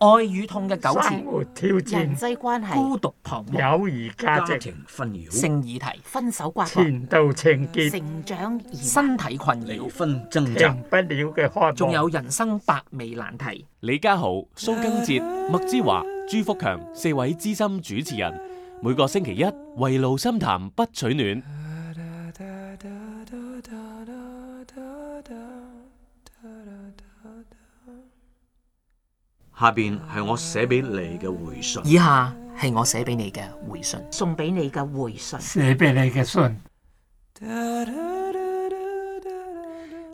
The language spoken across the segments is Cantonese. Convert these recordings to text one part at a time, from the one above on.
愛與痛嘅糾纏，人際關係孤獨彷徨，友誼價值家庭紛擾，性議題，分手瓜葛，前度情結，成長身體困擾，離婚掙扎，停不了嘅開端，仲有人生百味難題。李家豪、蘇根哲、麥之華、朱福強四位資深主持人，每個星期一圍爐深談不取暖。下邊係我寫俾你嘅回信。以下係我寫俾你嘅回信，送俾你嘅回信，寫俾你嘅信。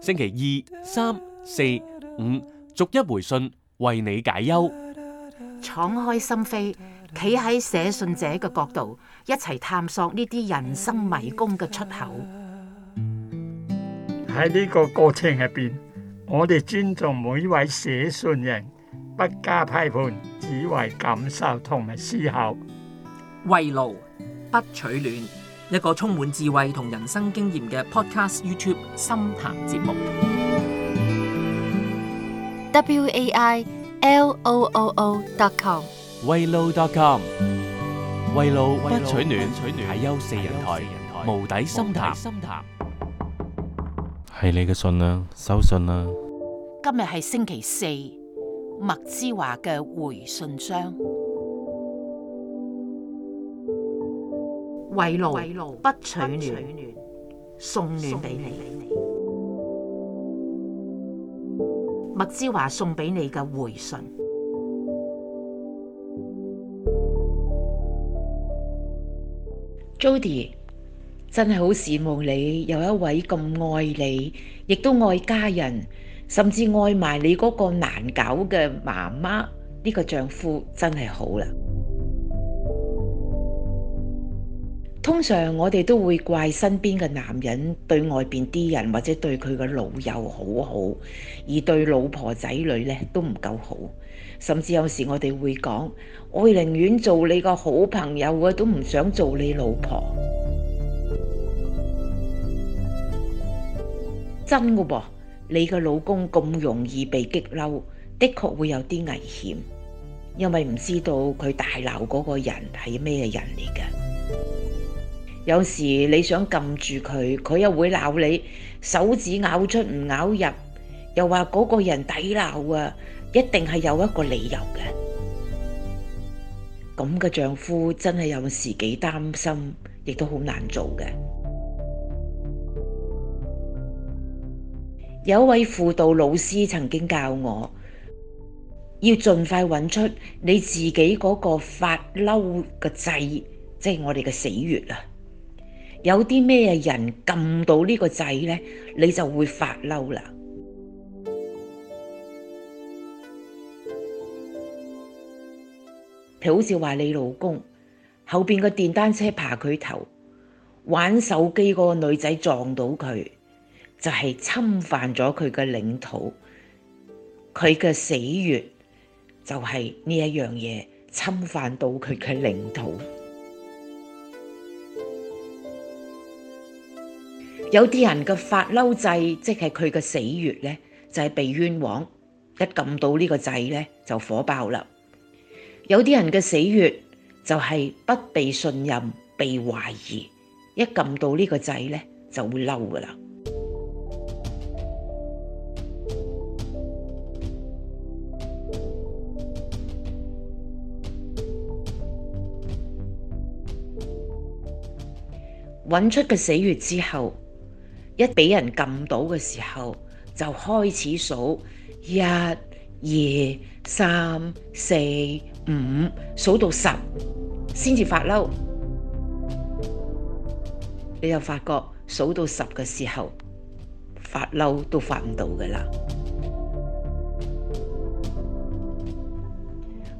星期二、三、四、五，逐一回信，為你解憂。敞開心扉，企喺寫信者嘅角度，一齊探索呢啲人生迷宮嘅出口。喺呢個過程入邊，我哋尊重每一位寫信人。不加批判，只為感受同埋思考。圍爐不取暖，一個充滿智慧同人生經驗嘅 Podcast YouTube 深談節目。wailooo.com 圍爐 .com 圍爐不取暖，大優四人台無底深談，係你嘅信啦，收信啦。今日係星期四。麥之華嘅回信箱：「圍爐不取暖，送暖俾你。暖麥之華送俾你嘅回信，Jodie 真係好羨慕你，有一位咁愛你，亦都愛家人。甚至愛埋你嗰個難搞嘅媽媽，呢個丈夫真係好啦。通常我哋都會怪身邊嘅男人對外邊啲人，或者對佢嘅老友好好，而對老婆仔女呢都唔夠好。甚至有時我哋會講：我寧願做你個好朋友，我都唔想做你老婆。真噶噃！你嘅老公咁容易被激嬲，的確會有啲危險，因為唔知道佢大鬧嗰個人係咩人嚟嘅。有時你想撳住佢，佢又會鬧你，手指咬出唔咬入，又話嗰個人抵鬧啊，一定係有一個理由嘅。咁嘅丈夫真係有時幾擔心，亦都好難做嘅。有一位輔導老師曾經教我要盡快揾出你自己嗰個發嬲嘅掣，即、係我哋嘅死穴。有啲咩人撳到呢個掣呢，你就會發嬲了。譬如好似話你老公後面的電單車爬佢頭，玩手機嗰個女仔撞到佢，就係侵犯咗佢嘅領土，佢嘅死穴就係呢一樣嘢侵犯到佢嘅領土。 有啲人嘅發嬲掣，即係佢嘅死穴咧，就係、是、被冤枉。一撳到呢個掣咧，就火爆啦。有啲人嘅死穴，就係、是、不被信任、被懷疑，一撳到呢個掣咧，就會嬲噶啦。揾出個死穴之後，一俾人撳到嘅時候，就開始數一、二、三、四、五，數到十先至發嬲。你就發覺數到十嘅時候，發嬲都發唔到嘅啦。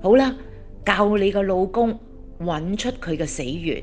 好啦，教你個老公揾出佢嘅死穴。